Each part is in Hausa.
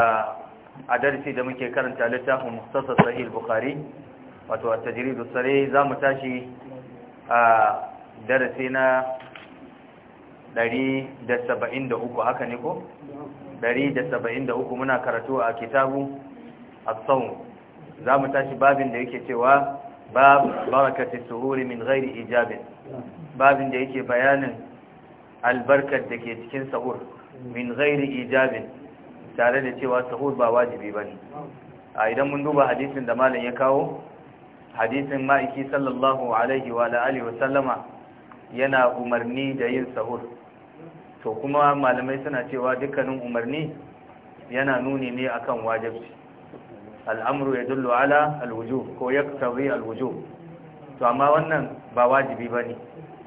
a darasi da muke karanta littafin mustasa sahih bukari wato a tajiridu sare za mu tashi a darasi na 173 haka ne ko? 173 muna karatu a kitabu a tsawon za mu tashi babin da yake cewa bab barakatun suhuri min gairi ijabin babin da yake bayanin albarkar da ke cikin sahur min gairi ijabin tare da cewa sahur ba wajibi ba ne a idan mun duba hadisin da malam ya kawo hadisin ma'aiki sallallahu alaihi wa alihi wa sallama yana umarni da yin sahur to kuma malamai suna cewa dukkanin umarni yana nuni ne akan wajibci al'amru ya dullu ala alwujub ko ya tabi alwujub to amma wannan ba wajibi ba ne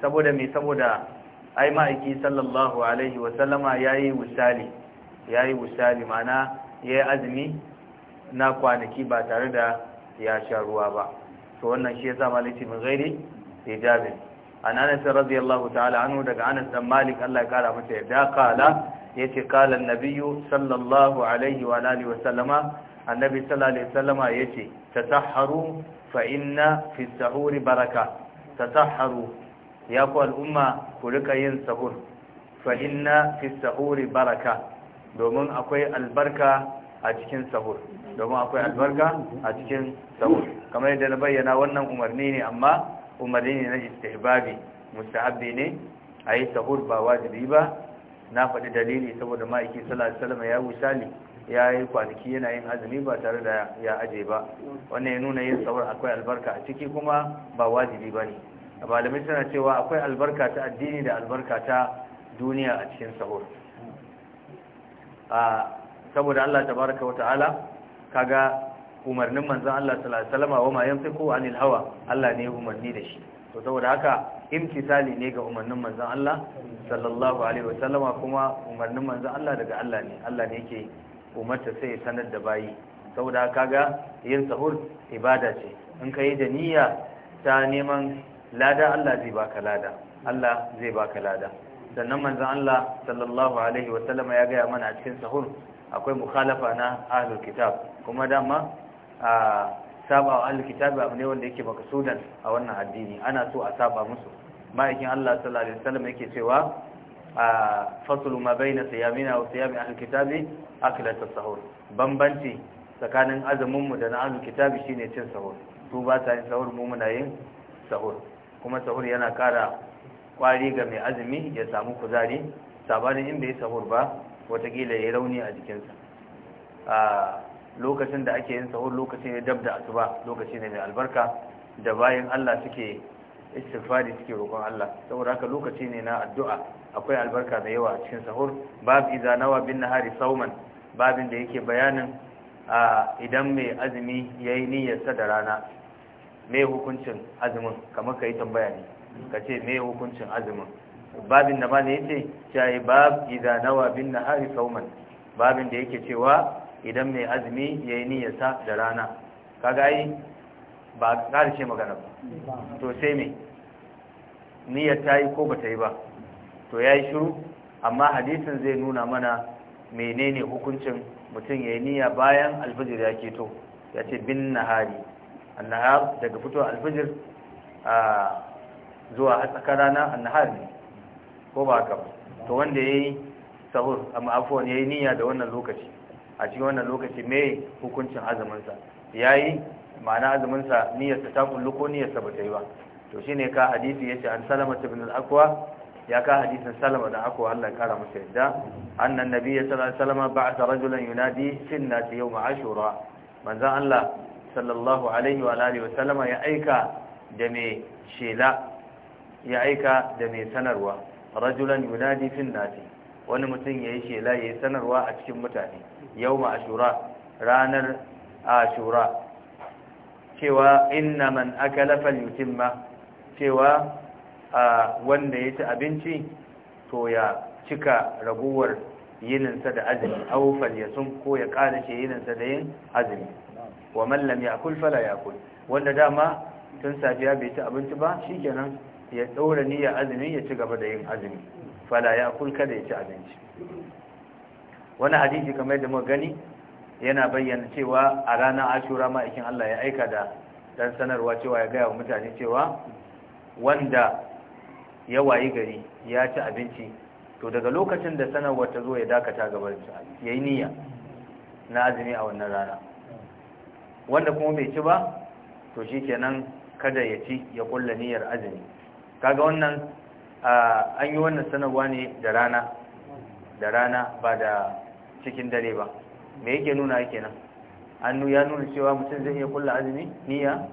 saboda me saboda ai ma'aiki sallallahu alaihi wa sallama ya yi misali ya yi wusali mana ya yi azumi na kwanaki ba tare da ya sha ruwa ba to wannan shi ya sa maliki min gairi hijabin an anas radiyallahu ta'ala anhu daga anas dan malik Allah ya kara masa yadda kala ce kala nabiyu sallallahu alaihi wa alihi wa sallama annabi sallallahu alaihi wa sallama yace tatahharu fa inna fi sahuri baraka tatahharu ya ku al'umma ku rika yin sahur fa inna fi sahuri baraka domin akwai albarka a cikin sahur domin akwai albarka a cikin sahur kamar yadda na bayyana wannan umarni ne amma umarni ne na istihbabi mustahabbi ne a yi sahur ba wajibi ba na faɗi dalili saboda ma'aiki salama ya wusali ya yi kwanaki yana yin azumi ba tare da ya aje ba wannan ya nuna yin sahur akwai albarka a ciki kuma ba wajibi ba ne malamai suna cewa akwai albarka ta addini da albarka ta duniya a cikin sahur saboda Allah Ta baraka wa ta'ala kaga umarnin manzon Allah sallallahu alaihi wasallam wa ma ko anil hawa Allah ne umarni da shi to saboda haka imtisali ne ga umarnin manzon Allah sallallahu alaihi wasallama kuma umarnin manzon Allah daga Allah ne Allah ne yake umarta sai sanar da bayi saboda kaga yin sahur ibada ce in ka yi da niyya ta neman lada Allah zai baka lada Allah zai baka lada sannan manzan Allah sallallahu alaihi wasallam ya gaya mana a cikin sahur akwai mukhalafa na ahlul kitab kuma dama a saba wa ahlul kitab abu ne wanda yake makasudan a wannan addini ana so a saba musu ma'aikin Allah sallallahu alaihi wasallam yake cewa a fasulu ma baina siyamina wa siyami ahlul kitab aklat as-sahur bambanci tsakanin azumin mu da na ahlul kitab shine cin sahur su ba ta yin sahur mu muna yin sahur kuma sahur yana kara kwari ga mai azumi ya samu kuzari sabanin inda ya sahur ba watakila ya rauni a jikinsa a lokacin da ake yin sahur lokacin ne dab da asuba lokaci ne mai albarka da bayan Allah suke istighfari suke roƙon Allah saboda haka lokaci ne na addu'a akwai albarka da yawa a cikin sahur babu iza nawa bin nahari sauman babin da yake bayanin a idan mai azumi yayi niyyar sa da rana mai hukuncin azumin kamar ka yi tambaya ne ka ce me hukuncin azumin babin da mana yace shayi bab idan nawa bin nahari sauman babin da yake cewa idan mai azumi yayi niyyarsa da rana kaga ai ba karshe magana ba to sai me niyyar ta yi ko bata yi ba to yayi shiru amma hadisin zai nuna mana menene hukuncin mutum yayi niyya bayan alfajir ya keto yace bin nahari annahar daga fito alfajir a ah, zuwa a tsakar rana annahar ne ko ba haka to wanda ya yi sahur amma ya yi niyya da wannan lokaci a cikin wannan lokaci mai hukuncin azumin ya yi ma'ana azumin sa ta ta kullu ko niyyar ba ta yi ba to shine ka hadisi ya yace an salama ibn al-aqwa ya ka hadisin salama da akwa Allah ya kara masa yadda annan nabiyyi sallallahu alaihi wasallam ba'atha rajulan yunadi sinnati yawm ashura manzan Allah sallallahu alaihi wa alihi salama ya aika da me shela ya aika da mai sanarwa rajulan yunadi fin nasi wani mutum ya yi shela ya yi sanarwa a cikin mutane yau ashura ranar ashura cewa inna man aka mutum ma cewa a wanda ya ci abinci to ya cika raguwar yininsa da azumi ya sun ko ya kada shi yininsa da yin azumi wa mallam ya ya'kul fala ya'kul wanda dama tun safiya bai ci abinci ba shi kenan. ya ɗaura niyya azumi ya ci gaba da yin azumi fala ya kul kada ya ci abinci wani hadisi kamar da muka gani yana bayyana cewa a ranar ashura ma'aikin Allah ya aika da dan sanarwa cewa ya gaya wa mutane cewa wanda ya wayi gari ya ci abinci to daga lokacin da sanarwa ta zo ya dakata gabar ci ya yi niyya na azumi a wannan rana wanda kuma bai ci ba to shi kenan kada ya ci ya kulla niyyar azumi kaga wannan an yi wannan sanarwa ne da rana da rana ba da cikin dare ba me yake nuna kenan annu ya nuna cewa mutum zai iya kulla azumi niyya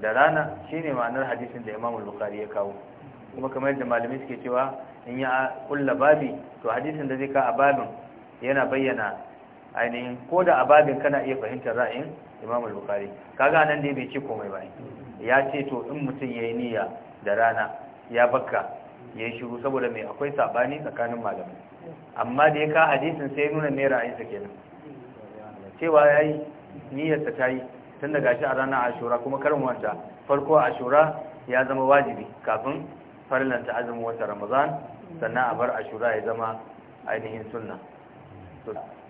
da rana shine ma'anar hadisin da Imam Bukhari ya kawo kuma kamar yadda malamai suke cewa in ya kulla babi to hadisin da zai ka a babin yana bayyana ainihin ko da a babin kana iya fahimtar ra'ayin Imam Bukhari kaga nan dai bai ce komai ba ya ce to in mutum ya yi niyya da rana ya bakka ya yi shiru saboda mai akwai sabani tsakanin malamai amma da ya ka hadisin sai nuna mai ra'ayinsa kenan cewa ya yi niyyarsa ta yi tun daga shi a ranar ashura kuma karin wata farko ashura ya zama wajibi kafin farlanta azumin wata ramadan sannan a bar ashura ya zama ainihin sunna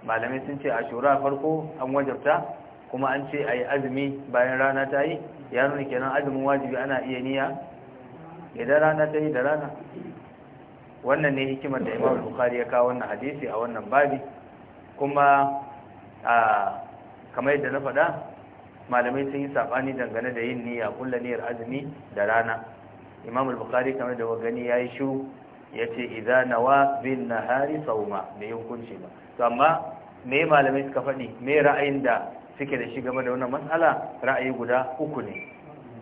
malamai sun ce ashura farko an wajabta kuma an ce a yi azumi bayan rana ta yi ya nuna kenan azumin wajibi ana iya niyya idan rana ta da rana wannan ne hikimar da imam bukhari ya kawo wannan hadisi a wannan babi kuma a kamar yadda na faɗa malamai sun yi saɓani dangane da yin niyya kulla niyyar azumi da rana imam bukhari kamar da gani ya yi shu ya ce idan nawa bin nahari sauma bai hukunci ba to amma me malamai suka faɗi me ra'ayin da suke da shi game da wannan matsala ra'ayi guda uku ne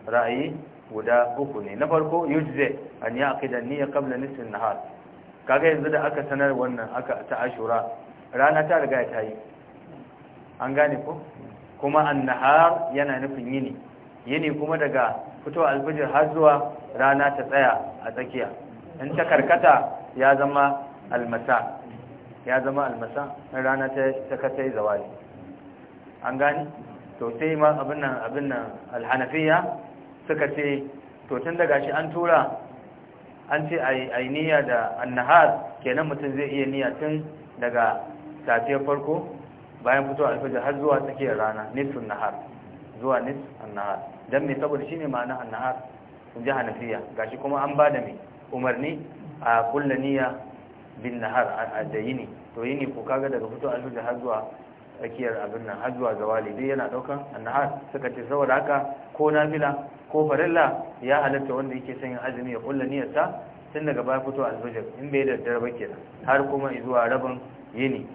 ra'ayi guda uku ne na farko yujze an ya aqida niyya qabla nisfin nahar kaga yanzu da aka sanar wannan aka ta ashura rana ta riga ta yi an gane ko kuma an-nahar yana nufin yini yini kuma daga fitowa alfijir har zuwa rana ta tsaya a tsakiya in ta karkata ya zama almasa ya zama almasa in rana ta kasai zawali an gane to sai ma abin nan abin nan alhanafiya suka ce to tun daga shi an tura an ce a yi niyya da annahar kenan mutum zai iya niyya tun daga safiyar farko bayan fito alfajar har zuwa tsakiyar rana nisfin nahar zuwa nisfin nahar don mai saboda shi ne ma'ana annahar sun ji hanafiya gashi kuma an ba da mai umarni a kulla niyya bin nahar a da yini to yini ko kaga daga fito alfajar har zuwa tsakiyar abin nan har zuwa zawali dai yana daukan annahar suka ce saboda haka ko nafila ko farilla ya halatta wanda yake son yin azumi ya kulla niyyarsa tun daga baya fito zujar in bai da dare ba kenan har kuma zuwa rabin yini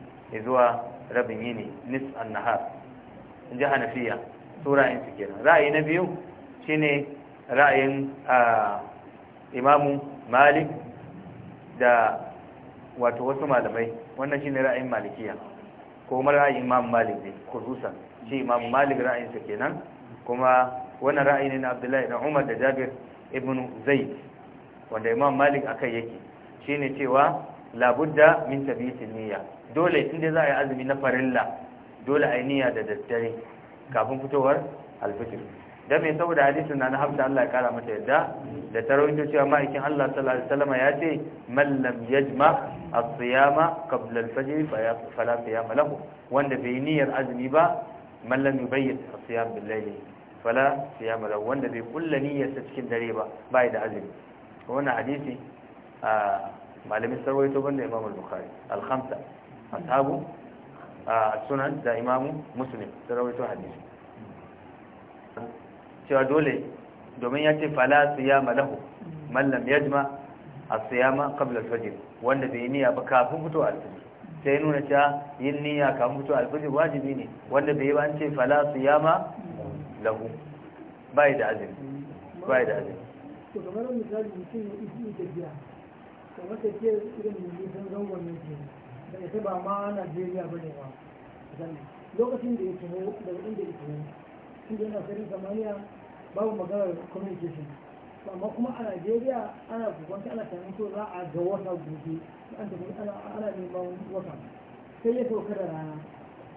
zuwa rabin yini nis annahar in ji hanafiya su ra'ayin su kenan ra'ayi na biyu shine ra'ayin imamu malik da wato wasu malamai wannan shine ra'ayin malikiya kuma ra'ayin imam malik ne kurusan shi imam malik ra'ayinsa kenan kuma wannan ra'ayi ne na abdullahi na umar da jabir ibn zaid wanda imam malik akai yake ne cewa labudda min tabitin niyya dole inda za a yi azumi na farilla dole a yi niyya da daddare kafin fitowar alfitr da mai saboda hadisin na na hafsa Allah ya kara mata yadda da ta rawaito cewa ma'aikin Allah sallallahu alaihi wasallam ya ce man lam yajma as-siyama qabla al-fajr fala siyama lahu wanda bai niyyar azumi ba man lam yubayyin as-siyam bil-layl fala siyama lahu wanda bai kulla niyyar ta cikin dare ba bai da azumi wannan hadisi a malamin sarwaito banda Imam al-Bukhari al-khamsa ashabu a sunan da Imam Muslim sarwaito hadisi cewa dole domin ya ce fala siyama lahu ya lam a as-siyama qabla al-fajr wanda bai niyya ba kafin fito al sai nuna cewa yin niyya kafin fito al wajibi ne wanda bai ba an ce fala siyama lahu bai da azumi bai da azumi kamar misali da ma Najeriya ba ne ba lokacin da ya tuho daga inda ya tuho inda yana sarin samaniya babu maganar communication amma kuma a Najeriya ana kokon ana tunanin to za a ga wata gobe an tafi ana ana neman wata sai ya sauka da rana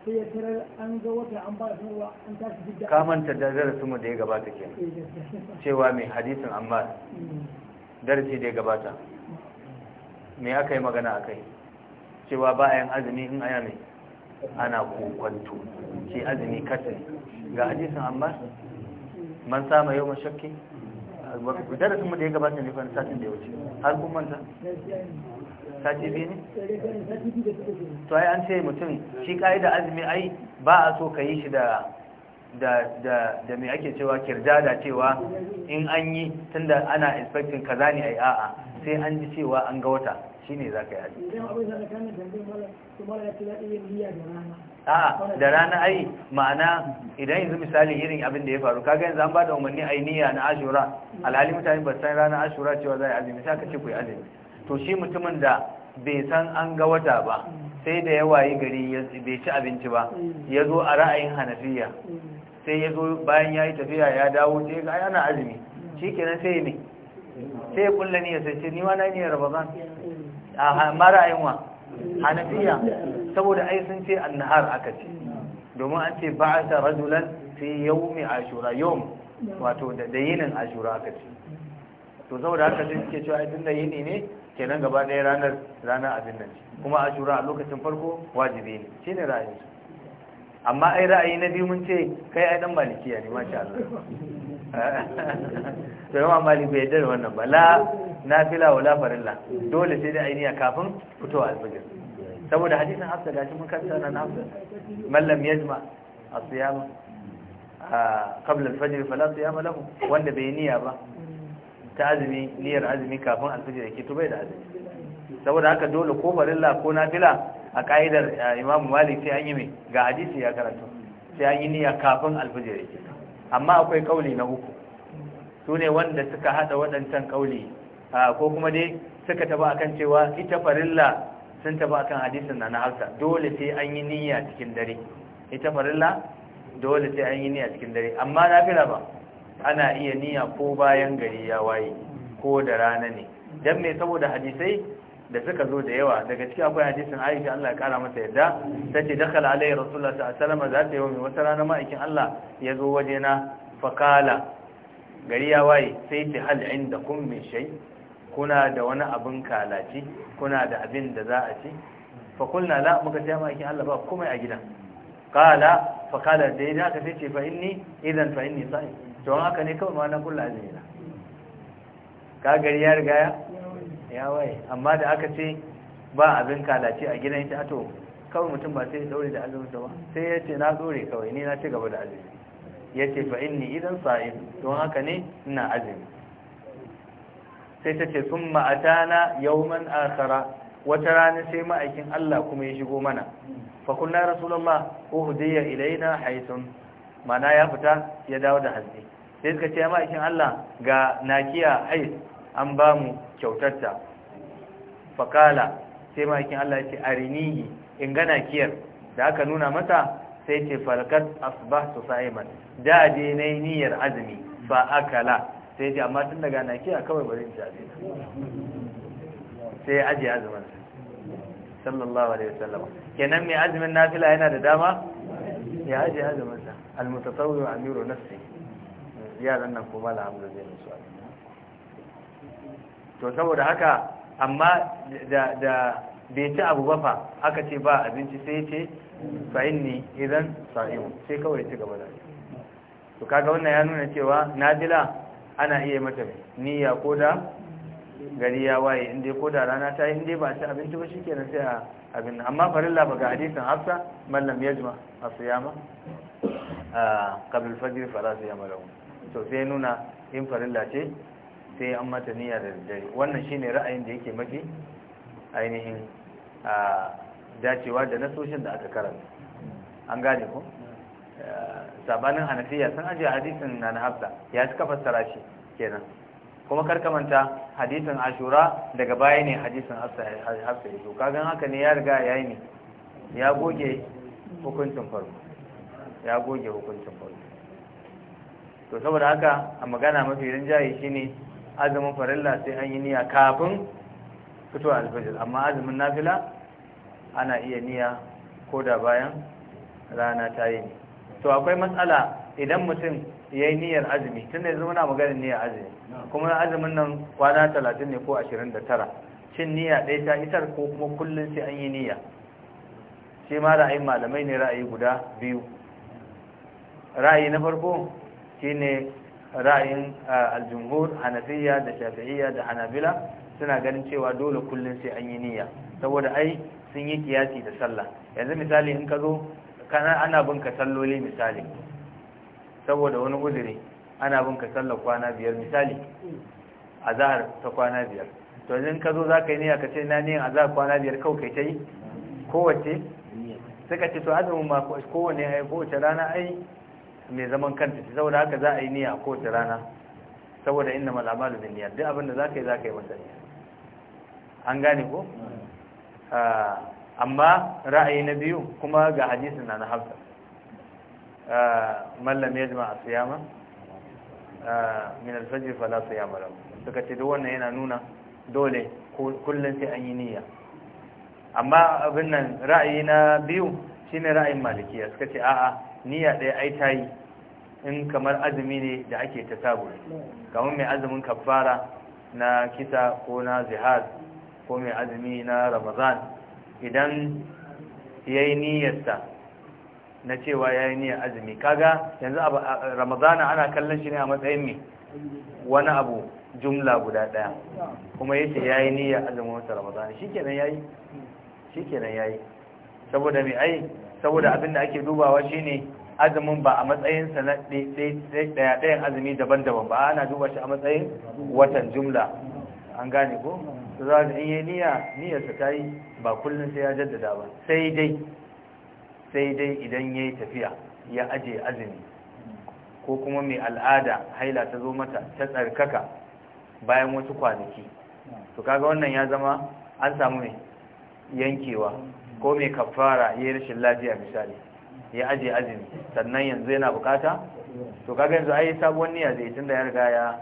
sai ya tarar an ga wata an ba ruwa an tashi duk da kamanta da darasin mu da ya gabata kenan eh, cewa mai hadisin amma mm. darasi da ya gabata me aka yi magana akai cewa ba a yin azumi in aya ne ana kokonto ce azumi kasa ga hadisin amma man sama yau mashakki darasin mu da ya gabata ne fa satin da ya wuce har kun manta sati biyu ne to ai an ce mutum shi da azumi ai ba a so ka yi shi da da da da me ake cewa da cewa in an yi tunda ana inspecting kaza ne ai a'a sai an ji cewa an ga wata shine za ka yi a da rana ai ma'ana idan yanzu misali irin abin da ya faru kaga yanzu an ba da umarni a ainiya na ashura alhali mutane ba san rana ashura cewa za a yi azumi sai ka ce ku yi azumi to shi mutumin da bai san an ga wata ba sai da ya wayi gari bai ci abinci ba ya zo a ra'ayin hanafiya sai ya zo bayan ya yi tafiya ya dawo sai ga ana azumi shi kenan sai ne sai ya kulla niyyar sai ce ni wa na niyyar ramadan a mara'ayin wa hanafiya saboda ai sun ce annahar aka ce domin an ce ba ta rajulan fi yawmi ashura yawm wato da dayinin ashura aka ce to saboda haka sai suke cewa tun da yini ne kenan gaba ɗaya ranar ranar abin nan kuma ashura a lokacin farko wajibi ne ne ra'ayi amma ai ra'ayi na biyu mun ce kai ai dan malikiya ne masha Allah to yawan mali bai yadda da wannan ba la nafila wa la farilla dole sai dai ainiya kafin fitowa alfajir saboda hadisin hafsa shi mun kanta nan hafsa Mallam yajma asiyam siyama qabla al fala siyama lahu wanda bai niyya ba ta azumi niyyar azumi kafin alfajir yake to bai da azumi saboda haka dole ko farilla ko nafila a ka'idar Imam Malik sai an yi mai ga hadisi ya karanta sai an yi niyya kafin alfajir yake amma akwai kauli na uku su ne wanda suka hada waɗancan kauli ko kuma dai suka taba akan cewa ita farilla sun taba akan hadisin na na hausa dole sai an yi niyya cikin dare ita farilla dole sai an yi niyya cikin dare amma na nafila ba ana iya niyya ko bayan gari ya waye ko da rana ne dan me saboda hadisai da suka zo da yawa daga ciki akwai hadisin Aisha Allah ya kara masa yadda tace dakhala alayhi rasulullah sallallahu alaihi wasallam zata yawmi wata rana ma'aikin Allah ya zo waje na fakala gari ya waye sai ta hal indakum min shay kuna da wani abin kalaci kuna da abin da za a ci fa kulna la muka ce ma'aikin Allah ba komai a gidan kala fakala da ya aka sai ce fa inni idan fa inni sa'i to haka ne kawai ma na kullu azina ka gari ya riga ya ya waye amma da aka ce ba abin kalace a gidan ita to kawai mutum ba sai ya daure da azumin ba sai ya ce na dore kawai ni na ci gaba da azumi ya ce fa inni idan sa'im don haka ne ina azumi sai ta ce sun ma'atana yawman akhara wata rana sai ma'aikin Allah kuma ya shigo mana fa kullu rasulullah uhdiya ilaina haythun mana ya fita ya dawo da haske sai suka ce ma'aikin Allah ga nakiya hayth an ba mu kyautarta fakala sai ma'aikin Allah ya ce arinihi in gana kiyar da aka nuna mata sai ce falkat asbahtu sa'iman da je nayi niyyar azumi ba akala sai ce amma tun daga na kiyar kawai bari ji ci sai ya ajiye azumin sallallahu alaihi wasallam kenan mai azumin nafila yana da dama ya ajiye azumin sa al-mutatawwi amiru nafsi ya zanna kuma alhamdulillah to saboda haka amma da bai ci abu ba fa aka ce ba abinci sai ce fa ne idan sa'imu sai kawai ci gaba da to kaga wannan ya nuna cewa nadila ana iya mata niyya ko da gari ya waye inda ko da rana ta yi inda ba ci abinci ba kenan sai a abin amma farilla ba ga hadisin hafsa mallam yajma asiyama a ah, qabl fajr fala to sai nuna in farilla ce sai an mata niyya da daddare wannan shine ra'ayin da yake mafi ainihin a dacewa da nasoshin da aka karanta an gane ku sabanin hanafiya sun ajiye hadisin na hafsa ya suka fassara shi kenan kuma karkamanta hadisin ashura daga baya ne hadisin hafsa ya zo kagan haka ne ya riga ya yi ne ya goge hukuncin farko ya goge hukuncin farko to saboda haka a magana mafi rinjaye shine azumin farilla sai an yi niyya kafin fitowa alfajir amma azumin nafila ana iya niyya ko da bayan rana ta yi to akwai matsala idan mutum ya yi niyyar azumi tun da yanzu muna maganin niyyar azumi kuma azumin nan kwana talatin ne ko ashirin da tara cin niyya ɗaya ta isar ko kuma kullum sai an yi niyya shi ma ra'ayin malamai ne ra'ayi guda biyu ra'ayi na farko shine ra'ayin aljumhur hanafiya da shafi'iyya da hanabila suna ganin cewa dole kullum sai an yi niyya saboda ai sun yi kiyasi da sallah yanzu misali in ka zo kana ana bin ka salloli misali saboda wani uzuri ana bin ka sallar kwana biyar misali azahar ta kwana biyar to yanzu in ka zo ka yi niyya ka ce na niyan azahar kwana biyar kawai kai ta yi kowace suka ce to azumin ma kowane kowace rana ai ne zaman kanta shi saboda haka za a yi niyya ko ta rana saboda inna malama da niyyat duk abin da ka yi ka yi masa niyya an gane ko hmm. ah, amma ra'ayi na biyu kuma ga hadisin na na hafsa ah, mallam ya jima a siyama ah, min alfajir fala siyama lahu suka ce duk wannan yana nuna dole kullum sai an yi niyya amma abin nan ra'ayi na biyu shine ra'ayin malikiya suka ce a'a niyya ɗaya ai ta yi in kamar azumi ne da ake ta sabu kamar mai azumin kafara na kisa ko na zihar ko mai azumi na ramazan idan ya yi niyyarsa na cewa ya yi niyyar azumi kaga yanzu ramazana ana kallon shi ne a matsayin mai wani abu jumla guda ɗaya kuma ce ya yi niyyar azumin wata ramazana shi kenan ya yi shi kenan ya yi saboda mai ai saboda abinda ake dubawa shi ne azumin ba a matsayin sa na ɗaya ɗayan azumi daban-daban ba ana duba shi a matsayin watan jumla an gane ko to za a yi niyya niyyarsa ta yi ba kullum sai ya jaddada ba sai dai sai dai idan ya tafiya ya aje azumi ko kuma mai al'ada haila ta zo mata ta tsarkaka bayan wasu kwanaki to kaga wannan ya zama an samu mai yankewa ko mai kafara ya yi rashin lafiya misali ya aje azumi sannan yanzu yana bukata to kaga yanzu ai sabuwar niyya zai tunda ya riga ya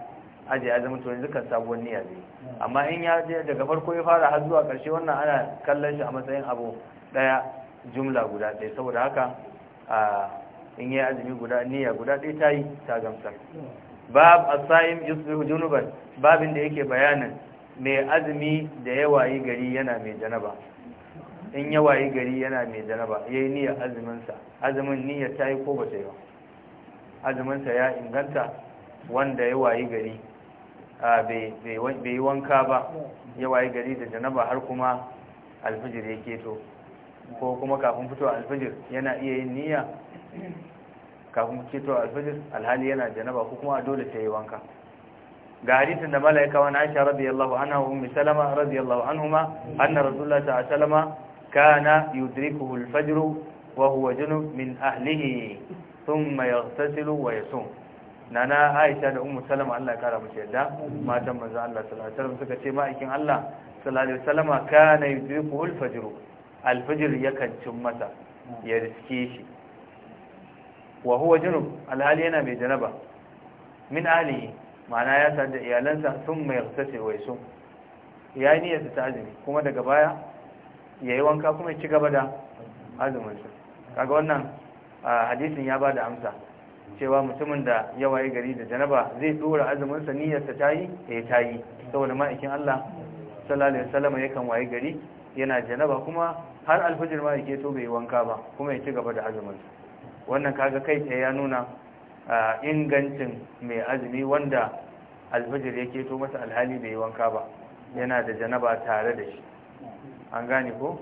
aje azumi to yanzu kan sabuwar niyya zai amma in ya je daga farko ya fara har zuwa karshe wannan ana kallon shi a matsayin abu daya jumla guda ɗaya saboda haka in yi azumi guda niyya guda ɗaya ta yi ta gamsar bab asayim yusbihu junuban babin da yake bayanin mai azumi da yawa yi gari yana mai janaba in ya wayi gari yana mai janaba yayi niyyar azuminsa azumin niyyar ta yi ko ba ta yi ba azuminsa ya inganta wanda ya wayi gari bai yi wanka ba ya wayi gari da janaba har kuma alfijir ya keto ko kuma kafin fito alfijir yana iya yin niyya kafin keto alfijir alhali yana janaba ko kuma dole ta yi wanka ga hadisin da malaika wani aisha radiyallahu anhu wa ummi salama radiyallahu anhuma anna rasulullahi sallallahu alaihi wasallam kana yudrikuhu al-fajr wa huwa junub min ahlihi thumma yaghtasilu wa yasum nana Aisha da umu Salama Allah ya kara musu yadda matan manzo Allah sallallahu alaihi wasallam suka ce ma'aikin Allah sallallahu alaihi wasallama kana yudrikuhu al-fajr al-fajr yakan cin masa ya riske shi wa huwa junub alhali yana mai janaba min alihi ma'ana ya sa da iyalansa sun mai yaktasi wai sun ya yi niyyar ta azumi kuma daga baya ya yi wanka kuma ya ci gaba da su kaga wannan hadisin ya ba da amsa cewa mutumin da ya waye gari da janaba zai dora sa niyyarsa ta yi ya eh, ta yi saboda ma'aikin Allah sallallahu alaihi wasallam yakan waye gari yana janaba kuma har alfajir ma yake to bai wanka ba kuma ya ci gaba da azuminsa wannan kaga kai tsaye ya nuna ingancin mai azumi wanda alfajir yake to masa alhali bai wanka ba yana da janaba tare da shi an gane ko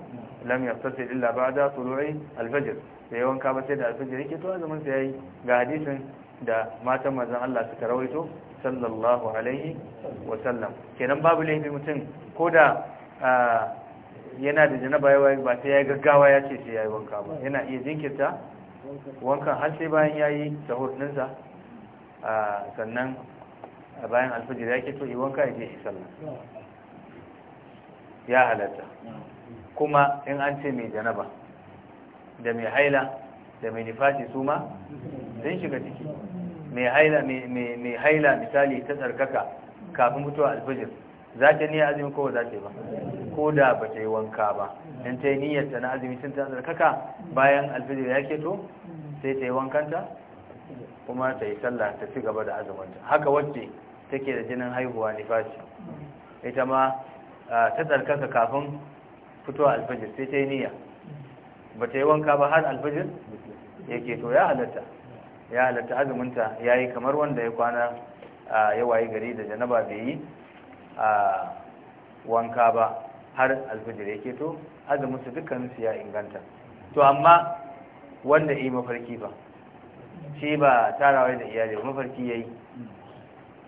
lam yastasi illa ba'da tulu'i al-fajr sai wanka ba sai da al-fajr yake to azumin sai yayi ga hadisin da matan manzon Allah suka rawaito sallallahu alaihi wa sallam kenan babu laifi mutum ko da yana da janaba yayi ba sai yayi gaggawa ya ce sai yayi wanka ba yana iya jinkirta wankan har sai bayan yayi sahur dinsa sannan bayan al-fajr yake to yi wanka ya je shi sallah ya halatta kuma in an ce mai janaba da mai haila da mai nifashi su ma sun shiga ciki mai haila misali ta tsarkaka kafin mutuwa alfajir za ta niyyar azumi ko za ta yi ba ko da ba ta yi wanka ba in ta yi niyyarta na azumi sun ta tsarkaka bayan alfajir ya keto sai ta yi wankanta kuma ta yi sallah ta ci gaba da azumanta haka wacce take da jinin haihuwa nifashi ita ma ta tsarkaka kafin fitowa alfajir sai ta yi niyya ba ta yi wanka ba har alfajir yake to ya halatta ya halatta azuminta ya yi kamar wanda ya kwana ya wayi gari da janaba bai yi wanka ba har alfajir yake to azuminsu dukkaninsu ya inganta to amma wanda yi mafarki ba shi ba tarawai da iyali mafarki ya yi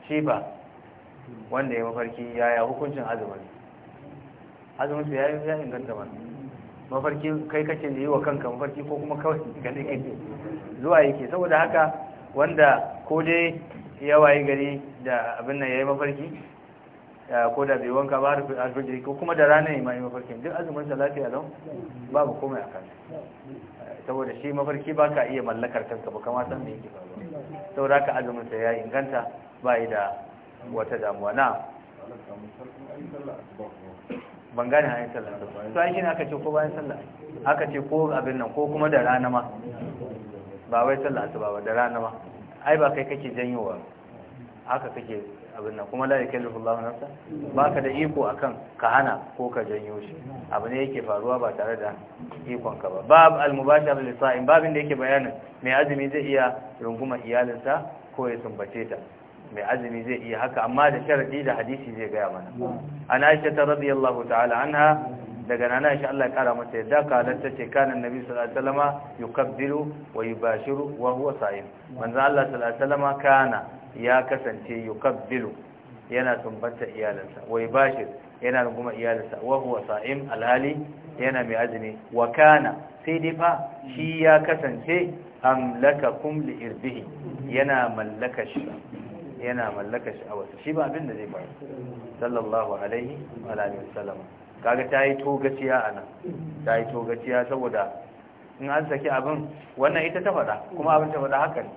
shi ba wanda ya mafarki ya yaya hukuncin azumin azumin su yayin ya inganta ba mafarki kai kake ne wa kanka mafarki ko kuma kawai gane kake zuwa yake saboda haka wanda ko dai ya wayi gari da abin nan yayi mafarki ko da bai wanka ba alfajiri ko kuma da ranar yi mafarkin duk azumin sa lafiya lau babu komai a kan saboda shi mafarki ba ka iya mallakar kanka ba kamar san da yake faruwa saboda haka azumin sa ya inganta ba da wata damuwa na ban gane a yin sallah to an shi ne aka ce ko bayan sallah aka ce ko abin nan ko kuma da rana ma ba wai sallah su ba da rana ma ai ba kai kake janyowa haka kake abin nan kuma la yakallifu Allah ba ka da iko akan ka hana ko ka janyo shi abu ne yake faruwa ba tare da ikon ka ba bab al-mubashar lisa'in babin da yake bayanin mai azumi zai iya runguma iyalinsa ko ya sumbace ta mai azumi zai iya haka amma da sharadi da hadisi zai gaya mana an aisha ta radiyallahu ta'ala anha daga nana aisha Allah ya kara mata yadda kalan ta ce kana annabi sallallahu alaihi wasallam yukabbiru wa yubashiru wa huwa sa'im manzo Allah sallallahu alaihi wasallam kana ya kasance yukabbiru yana sumbata iyalansa wa yubashir yana runguma iyalansa wa huwa sa'im alhali yana mai azumi wa kana sai dai fa shi ya kasance amlakakum li irbihi yana mallaka shi yana mallaka wasu shi ba abin da zai faru sallallahu alaihi wa wa wasallam kaga ta yi togaciya a nan ta yi togaciya saboda in an saki abin wannan ita ta faɗa kuma abin ta faɗa haka ne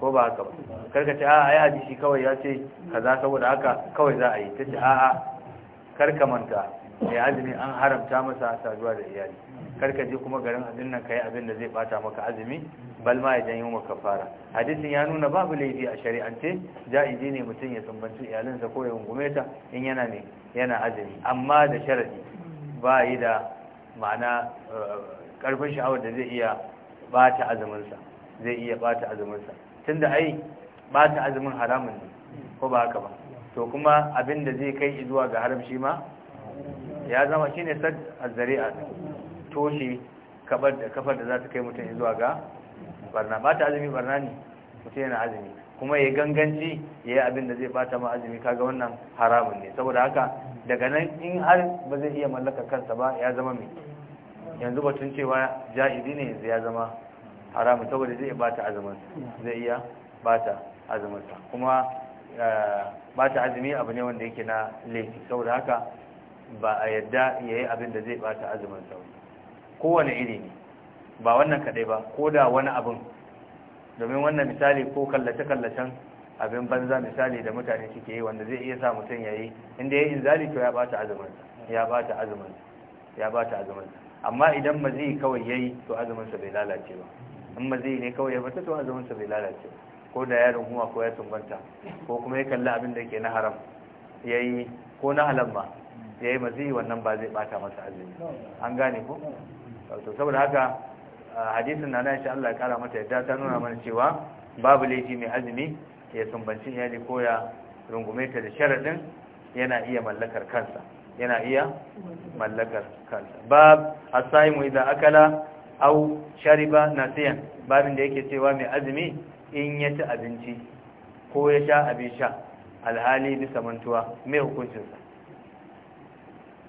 ko ba haka ba karka ce a'a ya hadisi kawai ya ce kaza saboda haka kawai za a yi ta ce a'a karka manta mai azumi an haramta masa saduwa da iyali karka je kuma garin abin nan kai abin da zai bata maka azumi bal ma ya janyo maka fara hadisin ya nuna babu laifi a shari'ance ja'izi ne mutum ya sumbanci iyalinsa ko ya hungume ta in yana ne yana azumi amma da sharadi ba yi da ma'ana karfin eh, sha'awar da zai iya bata sa zai iya bata sa tunda ai bata azumin haramun ne ko ba haka ba to kuma abin da zai kai zuwa ga haram shi ma ya zama shine sad azzari'a toshe kafar da za ta kai mutum zuwa ga barna ba ta azumi barna ne mutum yana azumi kuma ya ganganci ya yi abin da zai bata ma azumi kaga wannan haramun ne saboda haka daga nan in har ba zai iya mallaka kansa ba ya zama mai yanzu batun cewa ja'izi ne yanzu ya zama haramun saboda zai bata azumin zai iya bata azuminsa kuma eh, bata azumi abu ne wanda yake na laifi saboda haka ba a yadda ya yi abin da zai bata azumin sauri kowane ilimi ba wannan kaɗai ba ko da wani abin domin wannan misali ko kallace-kallacen abin banza misali da mutane suke yi wanda zai iya sa mutum ya yi inda ya yi inzali to ya bata azuminsa ya bata azuminsa ya bata azuminsa amma idan mazi kawai ya yi to azumansa bai lalace ba in mazi ne kawai ya bata to azumansa bai lalace ba ko da ya runguma ko ya tumbanta ko kuma ya kalli abin da ke na haram ya yi ko na halamma ya yi mazi wannan ba zai bata masa azumi an gane ko wato saboda haka hadisin na nan Allah ya kara mata yadda ta nuna mana cewa babu laifi mai azumi ya sumbanci iyali ko ya rungume ta da sharadin yana iya mallakar kansa yana iya mallakar kansa bab asaimu idan akala au shariba nasiyan babin da yake cewa mai azumi in ya ci abinci ko ya sha abin sha alhali bisa mantuwa mai hukuncinsa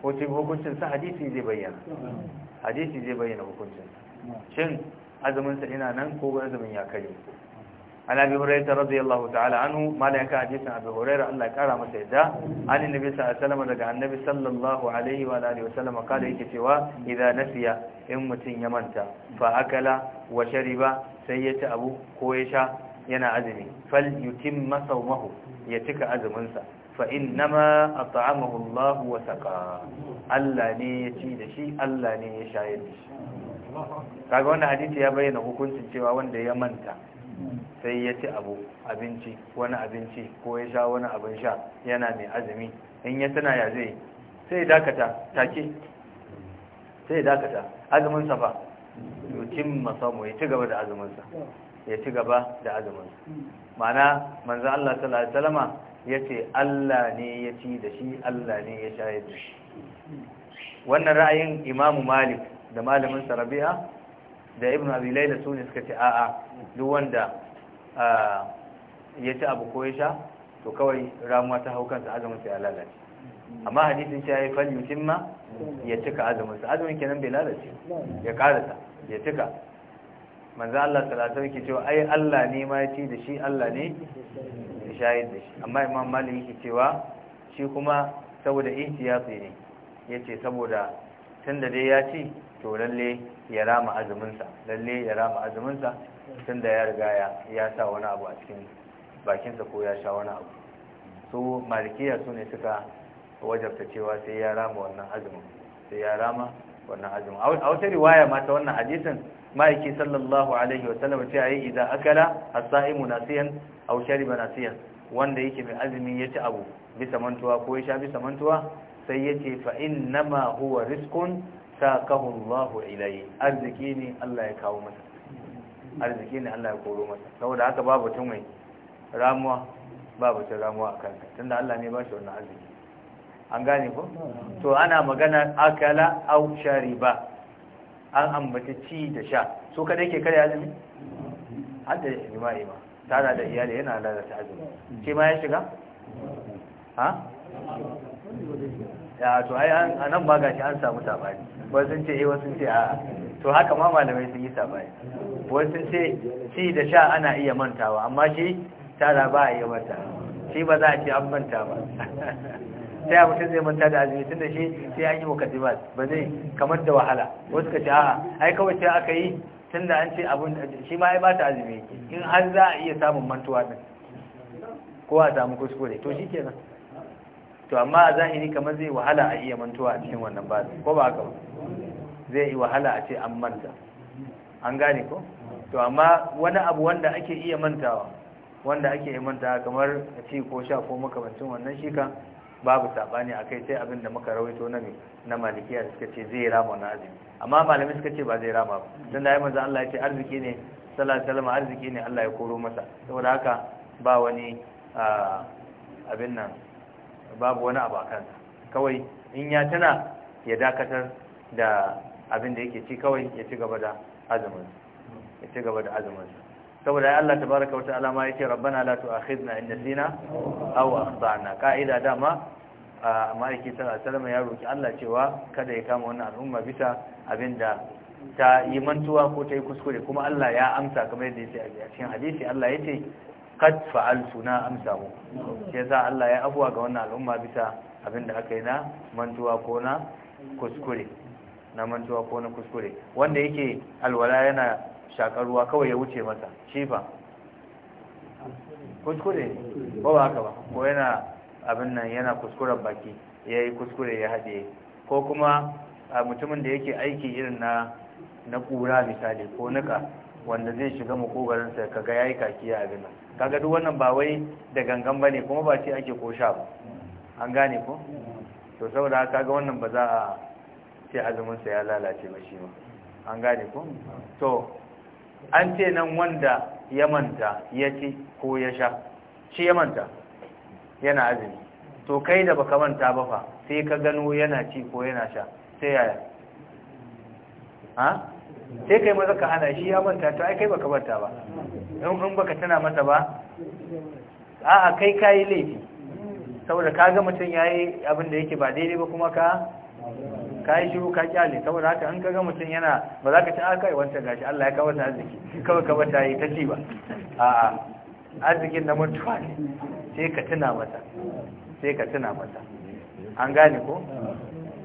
ko hukuncinsa hadisi zai bayyana hadisi zai bayyana hukuncin shin azumin sa ina nan ko azumin ya kare ana ابي هريره رضي الله تعالى عنه ما لا يكا حديث ابي هريره masa yadda عن النبي صلى الله daga annabi sallallahu alaihi wa alihi wa sallam kada yake cewa idza nasiya in mutun ya manta fa akala wa shariba sai ya ci abu ko ya sha yana azumi fal yutimma sawmahu ya cika azumin sa fa innama at'amahu Allah wa saqa Allah ne ya ci da shi Allah ne ya shayar da shi kaga wanda hadisi ya bayyana hukuncin cewa wanda ya manta sai ya ci abu abinci wani abinci ko ya sha wani abin sha yana mai azumi in ya tana ya zai sai dakata take sai dakata azumin sa fa yutim masamu ya ci gaba da azumin sa ya ci gaba da azumin ma'ana manzo Allah sallallahu alaihi wasallama ya ce Allah ne ya ci da shi Allah ne ya shayar da shi wannan ra'ayin imamu malik da malamin sarabiya da ibn abilai da su ne suka ce a'a duk wanda ya ci abu ko ya sha to kawai ramuwa ta hau kansa azumin sai ya lalace amma hadisin shi ya yi fal yutimma ya cika azumin sa azumin kenan bai lalace ya karata ya cika manzo Allah sallallahu alaihi wasallam ke cewa ai Allah ne ma ya ci da shi Allah ne shayar da shi amma imam malik yake cewa shi kuma saboda ya ne yace saboda tun da dai ya ci to lalle ya rama azuminsa lalle ya rama azuminsa tun da ya riga ya sa wani abu a cikin bakinsa ko ya sha wani abu su malikiya su ne suka wajabta cewa sai ya rama wannan azumin sai ya rama wannan azumin a wata riwaya mata wannan hadisin ma'aiki sallallahu alaihi wasallam ce ayi idan akala as-sa'imu nasiyan aw shariba nasiyan wanda yake mai azumi ya ci abu bisa mantuwa ko ya sha bisa mantuwa sai yace fa innama huwa rizqun saqahu Allahu ilayhi arziki ne Allah ya kawo masa arziki ne Allah ya koro masa saboda haka babu tun mai ramuwa babu tun ramuwa akan tunda Allah ne ba shi wannan arziki an gane ko to ana magana akala aw shariba an ambata ci da sha so kada yake kare azumi har da jima'i ma tana da iyali yana lalata azumi ce ma ya shiga ha ya to ai a nan ba gashi an samu sabani wasu sun ce eh wasu sun ce a'a to haka ma malamai sun yi sabani wasu sun ce ci da sha ana iya mantawa amma shi tara ba a iya manta shi ba za a ce an manta ba ta ya mutum zai manta da azumi tun da shi sai an yi mukaddimat ba zai kamar da wahala wasu ka ce a'a ai kawai sai aka yi tun da an ce abun shi ma ya bata azumi in har za a iya samun mantuwa din ko a samu kuskure to shi kenan to amma a zahiri kamar zai wahala a iya mantuwa a cikin wannan ba ko ba haka ba zai yi wahala a ce an manta an gane ko to amma wani abu wanda ake iya mantawa wanda ake iya mantawa kamar ci ko sha ko makamancin wannan shi ka. babu sabani kai sai abin da muka rawaito na me na malikiya da suka ce zai rama na azumi amma malamai suka ce ba zai rama ba dan da manzo Allah ya ce arziki ne sallallahu alaihi arziki ne Allah ya koro masa saboda haka ba wani abin nan babu wani abu akan kawai in ya tana ya dakatar da abin da yake ci kawai ya ci gaba da azumin ya ci gaba da azumin saboda Allah tabaraka wa ta'ala ma yake rabbana la tu'akhidna in nasina aw akhtana ka'ida dama ma'aiki salama ya roki Allah cewa kada ya kama wannan al'umma bisa abinda ta yi mantuwa ko ta yi kuskure kuma Allah ya amsa kamar yadda yake a cikin hadisi Allah yace qad fa'altu na amsa mu sai za Allah ya afuwa ga wannan al'umma bisa abinda aka yi na mantuwa ko na kuskure na mantuwa ko na kuskure wanda yake alwala yana shakar ruwa kawai ya wuce masa cifa kuskure ba ba haka ba ko yana abin nan yana kuskuren baki ya yi kuskure ya haɗe ko kuma mutumin da yake aiki irin na na ƙura misali ko nika wanda zai shiga makogarinsa kaga ya yi kakiya abin nan kaga duk wannan ba wai da gangan ba ne kuma ba ce ake ko sha ba an gane ko to saboda kaga wannan ba za a ce azuminsa ya lalace ba shi ba an gane ko to an ce nan wanda ya manta ya ci ko ya sha shi ya manta yana azumi to kai da baka manta ba fa sai ka gano yana ci ko yana sha sai yaya ha sai kai maza ka hana shi ya manta to ai kai baka manta ba in in baka tana masa ba a'a kai kayi laifi saboda kaga mutum yayi abin da yake ba daidai ba kuma ka ka yi shiru ka kyale saboda haka an ka ga mutum yana ba za ka ci aka yi wancan gashi Allah ya kawo ta arziki kawai ka bata yi ta ci ba a'a arzikin na mutuwa ne sai ka tuna mata sai ka tuna mata an gane ko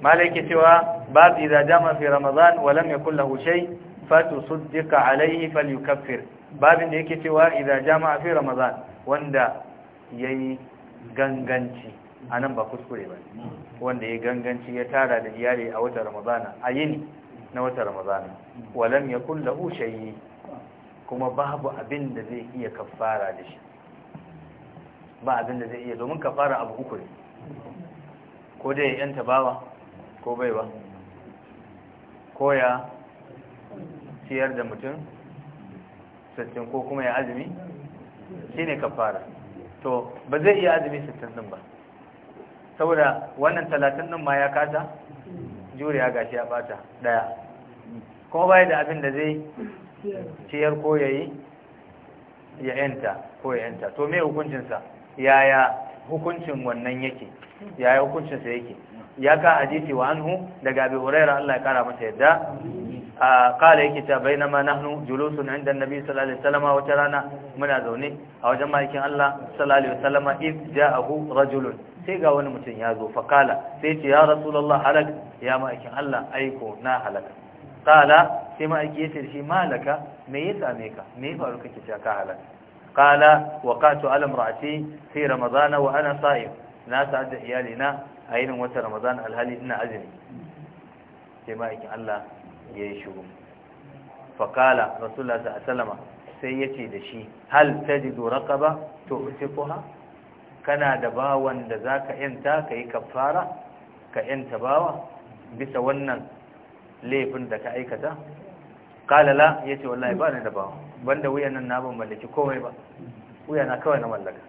malaki cewa su idza jama fi ramadan wa lam yakul lahu shay fatusdika alayhi falyukaffir babin da yake cewa idza jama fi ramadan wanda yayi ganganci a nan ba kuskure ba wanda ya ganganci ya tara da iyali a wata ramadana a yini na wata ramadana walam ya kulla ushayi kuma babu abin da zai iya kafara da shi ba abin da zai iya domin kafara abu uku ne ko dai ya yanta bawa ko baiwa ko ya ciyar da mutum sassan ko kuma ya azumi shi ne kafara to ba zai iya azumi sassan din ba saboda wannan talatin din ma ya kata juriya gashi ya bata daya kuma bai da abin da zai ciyar ko yayi ya yanta ko ya enta to me hukuncinsa yaya hukuncin wannan yake yaya hukuncinsa yake ya ka hadisi wa anhu daga abi huraira Allah ya kara masa yadda kala yake ta bai nama nahnu julusun inda annabi sallallahu alaihi wasallama wata rana muna zaune a wajen ma'aikin Allah sallallahu alaihi wasallama iz ja'ahu rajulun sai ga wani mutum ya zo fakala sai ce ya rasulullah halak ya ma'aikin Allah aiko na halak kala sai ma'aiki ya ce shi malaka me ya same ka me ya faru kake cewa ka halak kala waqatu ala imraati fi ramadana wa ana sa'im na sa'ada iyalina a yinin wata ramadana alhali ina azumi sai ma'aikin Allah ya yi shuru faƙala rasulullah sa salama sai ya ce da shi hal ta ji doraka ba to usikuha kana da bawan da za ka yanta ka yi kafara ka yanta bawa bisa wannan laifin da ka aikata kalala ya ce wallahi ba ne da bawa banda wuya nan na ban mallaki komai ba wuya na kawai na mallaka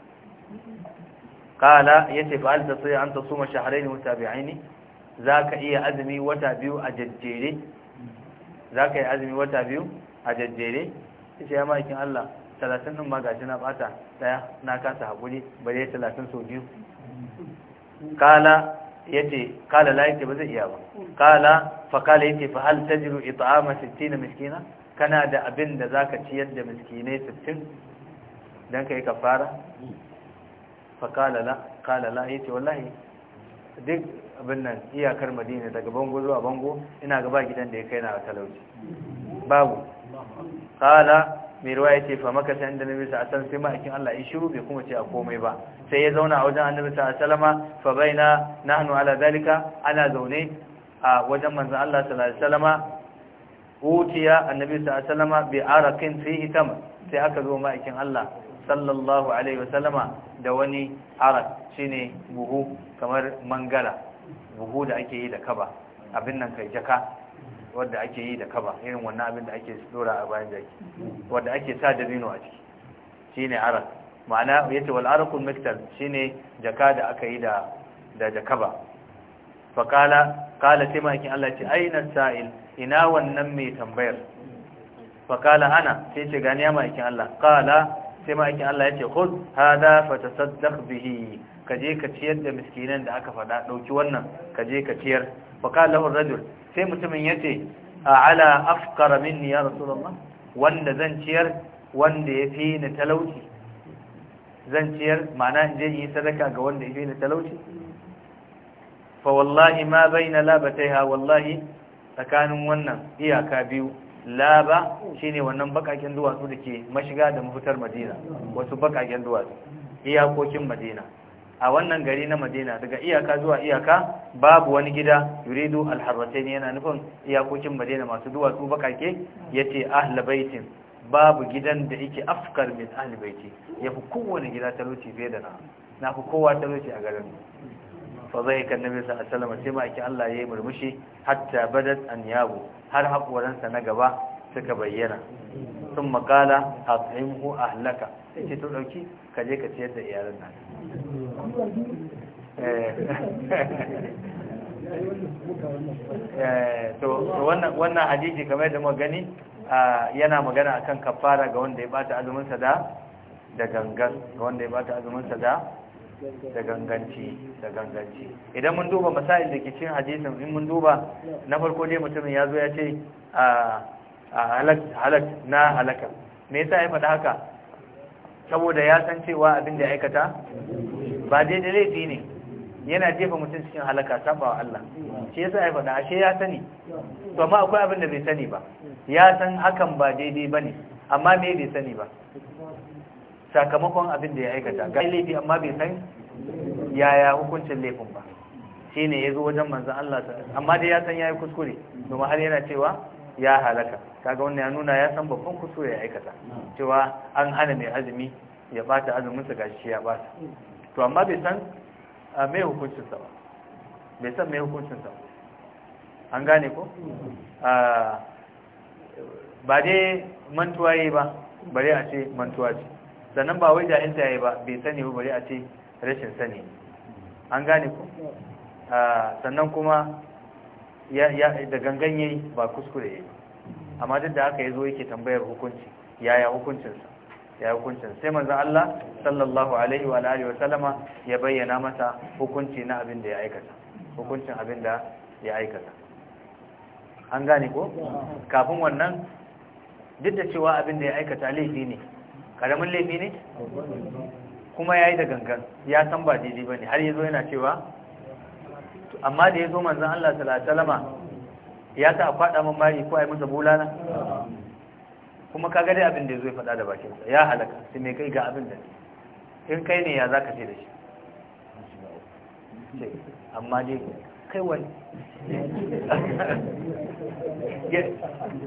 kala ya ce fa'al ta tsaye an ta suma shahararri mutabi'aini za ka iya azumi wata biyu a jajjere za ka yi azumi wata biyu a jajjere ce ya ma'aikin Allah talatin ɗin magaji na ɓata ɗaya na kasa haƙuri bare talatin sau biyu kala ya ce kala la yake ba zai iya ba kala fa kala yake fa hal ta jiru ita'ama na miskina kana da abin da za ka ciyar da miskinai sittin don ka yi kafara fa kala la kala la ya ce wallahi duk abin nan iyakar madina daga bango zuwa bango ina gaba gidan da ya kai na a talauci babu kala mai ruwa ya ce famaka sai inda nabi sa'a sai ma'aikin Allah ya shiru bai kuma ce a komai ba sai ya zauna a wajen annabi sa'a salama fa baina nahnu ala dalika ana zaune a wajen manzon Allah sallallahu alaihi wasallama utiya annabi sa'a salama bi araqin ita ma sai aka zo ma'aikin Allah sallallahu alaihi wasallama da wani arak shine buhu kamar mangala buhu da ake yi da kaba abin nan kai jaka wadda ake yi da kaba irin wannan abin da ake dora a bayan jaki wadda ake sa dabino a ciki shine arak ma'ana yace wal arakul miktal shine jaka da aka yi da da jakaba fa kala kala sai ma'aikin Allah ce aina sa'il ina wannan mai tambayar fa kala ana sai ce gani ya ma'aikin Allah kala sai ma'aikin Allah yace khudh hada fatasaddaq bihi ka je ka ciyar da miskinan da aka faɗa ɗauki wannan ka je ka ciyar faƙalahun rajul sai mutumin ya ce a ala afkara minni ya rasulallah wanda zan ciyar wanda ya fi ni talauci zan ciyar ma'ana in je yi sadaka ga wanda ya fi ni talauci fa wallahi ma bayna labataiha wallahi tsakanin wannan iyaka biyu laba shine wannan bakakin duwatsu da ke mashiga da mafitar madina wasu bakakin duwatsu iyakokin madina a wannan gari na madina daga iyaka zuwa iyaka babu wani gida yuridu alharratain yana nufin iyakokin madina masu duwatsu bakake yace ahla baitin babu gidan da yake afkar min ahli baiti yafi kowane gida talauci fiye da na na fi kowa talauci a garin fa zai kan nabi sallallahu alaihi wasallam sai ma yake Allah yayi murmushi hatta badat an har hakuransa na gaba suka bayyana sun makala a tsayin ko ahlaka sai ce to dauki ka ka ciyar da iyalan nan. Eh, eh, to wannan hadisi kamar da magani yana magana akan kafara ga wanda ya bata azuminsa da da gangan ga wanda ya bata azuminsa da da ganganci da ganganci idan mun duba masail da ke cin hadisin in mun duba na farko dai mutumin ya zo ya ce a halak na halaka me yasa ya faɗa haka saboda ya san cewa abin da aikata ba daidai laifi ne yana jefa mutum cikin halaka saba wa Allah shi yasa ai faɗa ashe ya sani to amma akwai abin da bai sani ba ya san hakan ba daidai bane amma me bai sani ba sakamakon abin da ya aikata ga laifi amma bai san yaya hukuncin laifin ba shine yazo wajen manzon Allah amma dai ya san yayi kuskure domin har yana cewa ya halaka kaga wannan ya nuna ya san babban kuso ya aikata cewa an hana mai azumi ya bata azumin sa gashi ya bata to amma bai san me hukuncin sa ba bai san me hukuncin sa an gane ko ba dai mantuwa yi ba bare a ce mantuwa ce sannan ba wai jahilta yayi ba bai sani ba bare a ce rashin sani an gane ko sannan kuma da gangan yayi ba kuskure yayi amma duk da haka yazo yake tambayar hukunci yaya hukuncinsa ya hukuncin sai manzo Allah sallallahu alaihi wa alihi wa sallama ya bayyana masa hukunci na abin da ya aikata hukuncin abin da ya aikata an gane ko kafin wannan duk da cewa abin da ya aikata laifi ne karamin laifi ne kuma yayi da gangan ya san ba daidai bane har yazo yana cewa amma da ya zo manzan Allah salatalama ya ta kwaɗa min mari ko a yi masa bulala kuma ka gade abin da ya zo ya faɗa da bakinsa ya halaka sai mai kai ga abin da in kai ne ya za ka ce da shi amma dai kai wani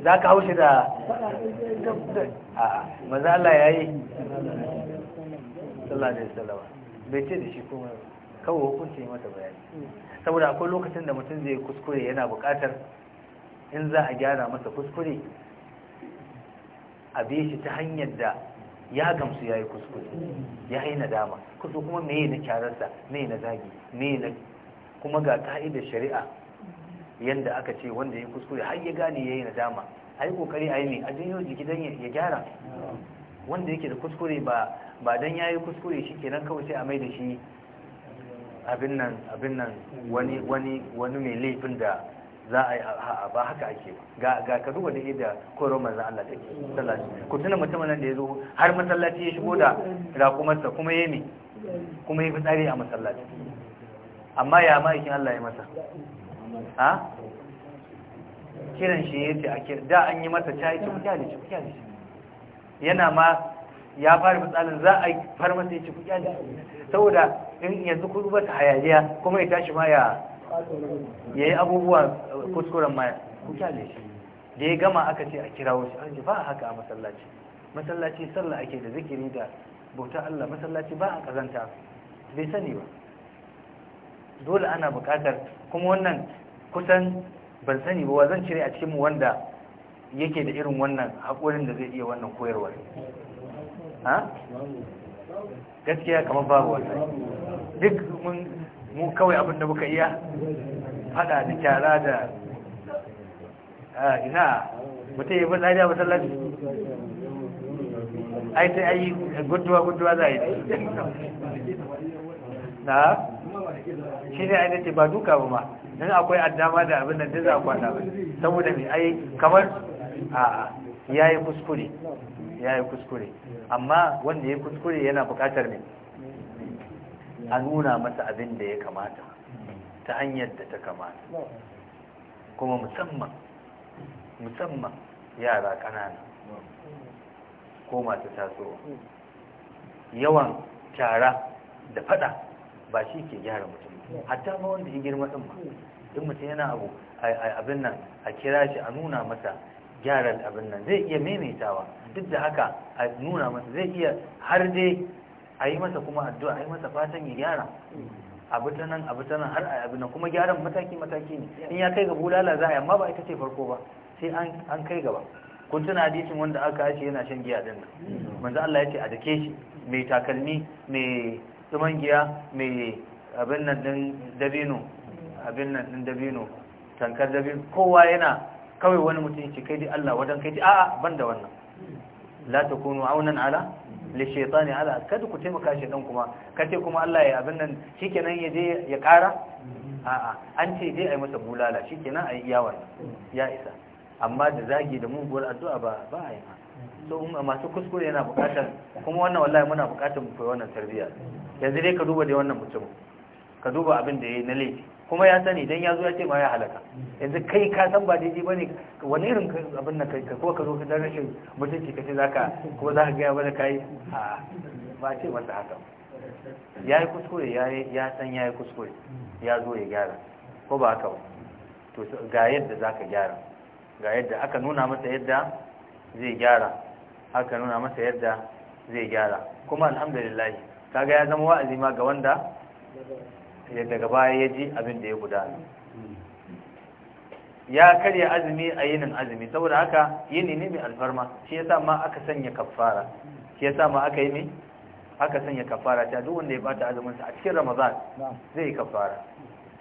za ka haushi da maza Allah ya yi sallallahu alaihi wasallam bai ce da shi kuma kawai hukunci ne mata bayani hmm. saboda akwai lokacin da mutum zai kuskure yana bukatar in za a gyara masa kuskure a bi shi ta hanyar da ya gamsu ya yi kuskure ya yi nadama kusa kuma me na kyararsa me na zagi me na kuma ga ka'idar shari'a yadda aka ce wanda ya kuskure har ya gane ya yi nadama a yi kokari a yi a ajin yau jiki don ya gyara hmm. wanda yake da kuskure ba don ya yi kuskure shi kenan kawai sai a mai da shi abin nan abin nan wani wani wani mai laifin da za a yi ba haka ake ba ga ka duba da da koron manzan Allah take sallaci ku tuna mutumin nan da ya zo har masallaci ya shigo da raƙumarsa kuma yemi kuma ya fi tsari a masallaci amma ya ma'aikin Allah ya masa ha kiran shi yace ce a da an yi masa chai ci kuka ne ci kuka yana ma ya fara misalin za a far masa ya ci kuɗi da saboda in yanzu kudu ba ta hayaniya kuma ya tashi ma ya yi abubuwa eh, kuskuren maya ku kyale shi da ya gama aka ce a kirawo shi an ji ba haka a masallaci masallaci sallah ake da zikiri da bauta Allah masallaci ba a kazanta bai sani ba dole ana buƙatar kuma wannan kusan ban sani ba zan cire a cikin wanda yake da irin wannan haƙorin da zai iya wannan koyarwar ha gaskiya kamar babu wata duk mun mu kawai abin da muka iya fada da kyara da ina mutum yi fitsari a masallaci ai sai ayi gudduwa gudduwa za a yi na shi ne ainihin ba duka ba ma nan akwai addama da abin da za a kwana saboda mai ai kamar a'a ya yi kuskure ya yi kuskure amma wanda ya yi kuskure yana bukatar ne a nuna masa abin da ya kamata ta hanyar da ta kamata kuma musamman musamman yara kanana ko masu tasowa yawan tara da fada ba shi ke gyara mutum hatta ma wanda ya girma ɗin ba in mutum yana abu abin nan a kira shi a nuna masa gyara abin nan zai iya maimaitawa duk da haka a nuna masa zai iya har dai a yi masa kuma addu'a a yi masa fatan ya gyara abu ta nan abu ta nan har a abin nan kuma gyaran mataki-mataki ne in ya kai ga bulala za a yi amma ba ita ce farko ba sai an kai gaba kun tuna hadisin wanda aka ce yana shan giya din nan manzo Allah ya ce a dake shi mai takalmi mai tsuman giya mai abin nan din dabino abin nan din dabino tankar dabino kowa yana kawai wani mutum ce kai dai Allah wajen kai dai a'a ban da wannan la kunu aunan ala lishaitani ala kada ku taimaka shi dan kuma kace kuma Allah ya abin nan shikenan ya je ya kara a'a an ce dai ai masa bulala shikenan ai iya wannan ya isa amma da zagi da muguwar addu'a ba ba ai ma so masu kuskure yana bukatar kuma wannan wallahi muna bukatar mu koyi wannan tarbiyya yanzu dai ka duba dai wannan mutum ka duba abin da yayi na laifi kuma ya sani idan ya zo ya ce ma ya halaka yanzu kai ka san ba daidai ne wani irin abin na kai ko ka zo ka dan rashin mutunci ka kuma ko ka gaya ba da kai a ba ce masa haka ya yi kuskure ya san ya yi kuskure ya zo ya gyara ko ba haka ba to ga yadda za ka gyara ga yadda aka nuna masa yadda zai gyara aka nuna masa yadda zai gyara kuma alhamdulillah kaga ya zama wa'azi ma ga wanda daga baya ya ji abin da ya gudana ya karya azumi a yinin azumi saboda haka yini ne mai alfarma shi ya sa ma aka sanya kafara shi ya sa ma aka yi ne aka sanya kafara ta duk wanda ya bata azumin a cikin ramadan zai yi kafara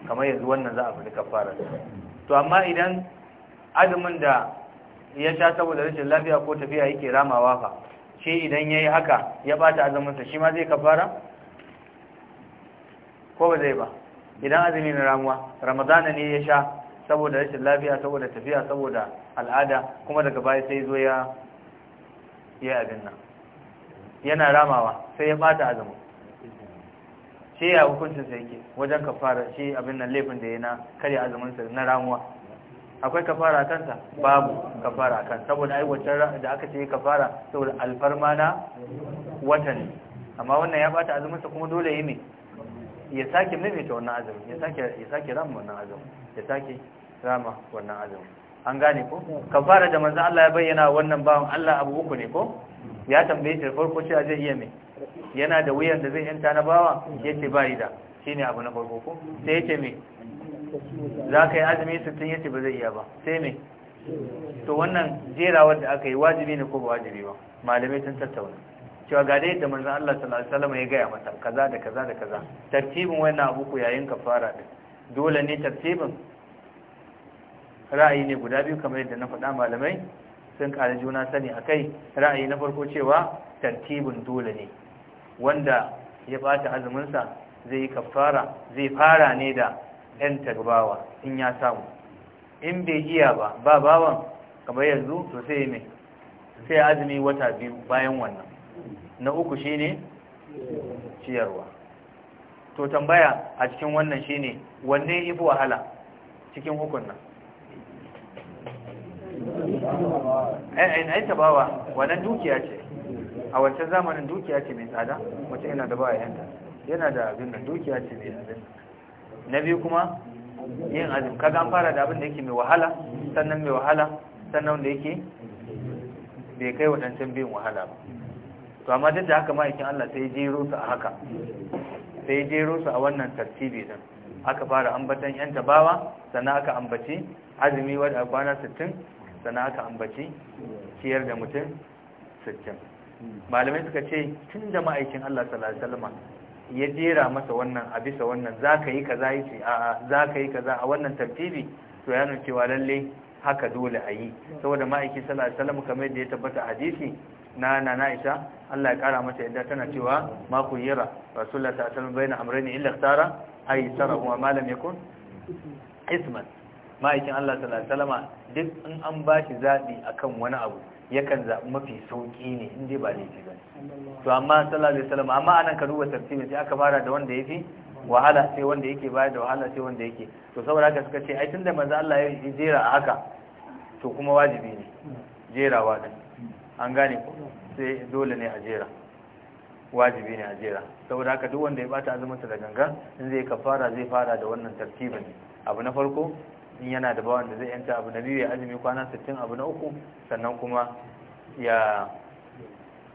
kamar yanzu wannan za a fi kafara to amma idan azumin da ya sha saboda rashin lafiya ko tafiya yake ramawa fa shi idan ya yi haka ya bata azuminsa sa shi ma zai kafara ko ba zai ba idan azumi na ramuwa ramadana ne ya sha saboda rashin lafiya saboda tafiya saboda al'ada kuma daga baya sai zo ya yi abin nan yana ramawa sai ya bata azumin shi ya hukuncinsa yake wajen kafara shi abin nan laifin da ya na karya azuminsa na ramuwa akwai kafara kanta babu kafara kan saboda aiwatar da aka ce kafara saboda alfarma na watan amma wannan ya bata azuminsa kuma dole yi mai ya sake maimaita wannan azumin ya sake ya sake rama wannan azumin ya sake rama wannan azumin an gane ko kafara da manzo Allah ya bayyana wannan bawan Allah abu uku ne ko ya tambaye shi farko cewa zai iya me yana da wuyan da zai yanta na bawa yace bai da shine abu na farko ko sai yace me za ka yi azumi 60 yace ba zai iya ba sai me to wannan jerawar da aka yi wajibi ne ko ba wajibi ba malamai sun tattauna cewa ga dai da manzan Allah sallallahu alaihi ya gaya mata kaza da kaza da kaza tartibin wannan abu ku yayin fara da dole ne tartibin ra'ayi ne guda biyu kamar yadda na faɗa malamai sun ƙara juna sani a kai. ra'ayi na farko cewa tartibin dole ne wanda ya bata azumin sa zai yi kafara zai fara ne da ɗan tagbawa in ya samu in bai iya ba ba bawan kamar yanzu to sai mai sai azumi wata biyu bayan wannan na uku shine ciyarwa to tambaya a cikin wannan shine wanne ifi wahala cikin hukunna ai eh, eh, ai tabawa wannan dukiya ce a wancan zamanin dukiya ce mai tsada wace yana da bawa yanta yana da abin da dukiya ce mai tsada na biyu kuma yin azumi kaga an fara da abin da yake mai wahala sannan mai wahala sannan da yake bai kai waɗancan biyun wahala ba to amma duk da haka ma'aikin Allah sai jero su a haka sai jero su a wannan tartibi din aka fara ambatan yan tabawa sannan aka ambaci azumi wadda kwana 60 sannan aka ambaci ciyar da mutum 60 malamai suka ce tun da ma'aikin Allah sallallahu alaihi wasallam ya jera masa wannan a bisa wannan zaka yi kaza yace a zaka yi kaza a wannan tartibi to ya nuna cewa lalle haka dole a yi saboda ma'aikin sallallahu alaihi wasallam kamar yadda ya tabbata hadisi na na Aisha Allah ya kara mata yadda tana cewa ma ku yira rasulullah sallallahu alaihi wasallam bayna amrayni illa ikhtara aysara wa ma lam yakun isman ma'aikin Allah sallallahu alaihi wasallama duk in an bashi zabi akan wani abu yakan zabi mafi sauki ne in dai ba laifi ba to amma sallallahu alaihi wasallama amma anan ka duba tartibi sai aka fara da wanda yafi wahala sai wanda yake bayar da wahala sai wanda yake to saboda haka suka ce ai tunda manzo Allah ya jera a haka to kuma wajibi ne jerawa din an gane sai dole ne a jera wajibi ne a jera saboda haka duk wanda ya bata azuminsa da gangan in zai fara zai fara da wannan tartibin abu na farko in yana da bawan da zai yanta abu na biyu ya azumi kwana 60 abu na uku sannan kuma ya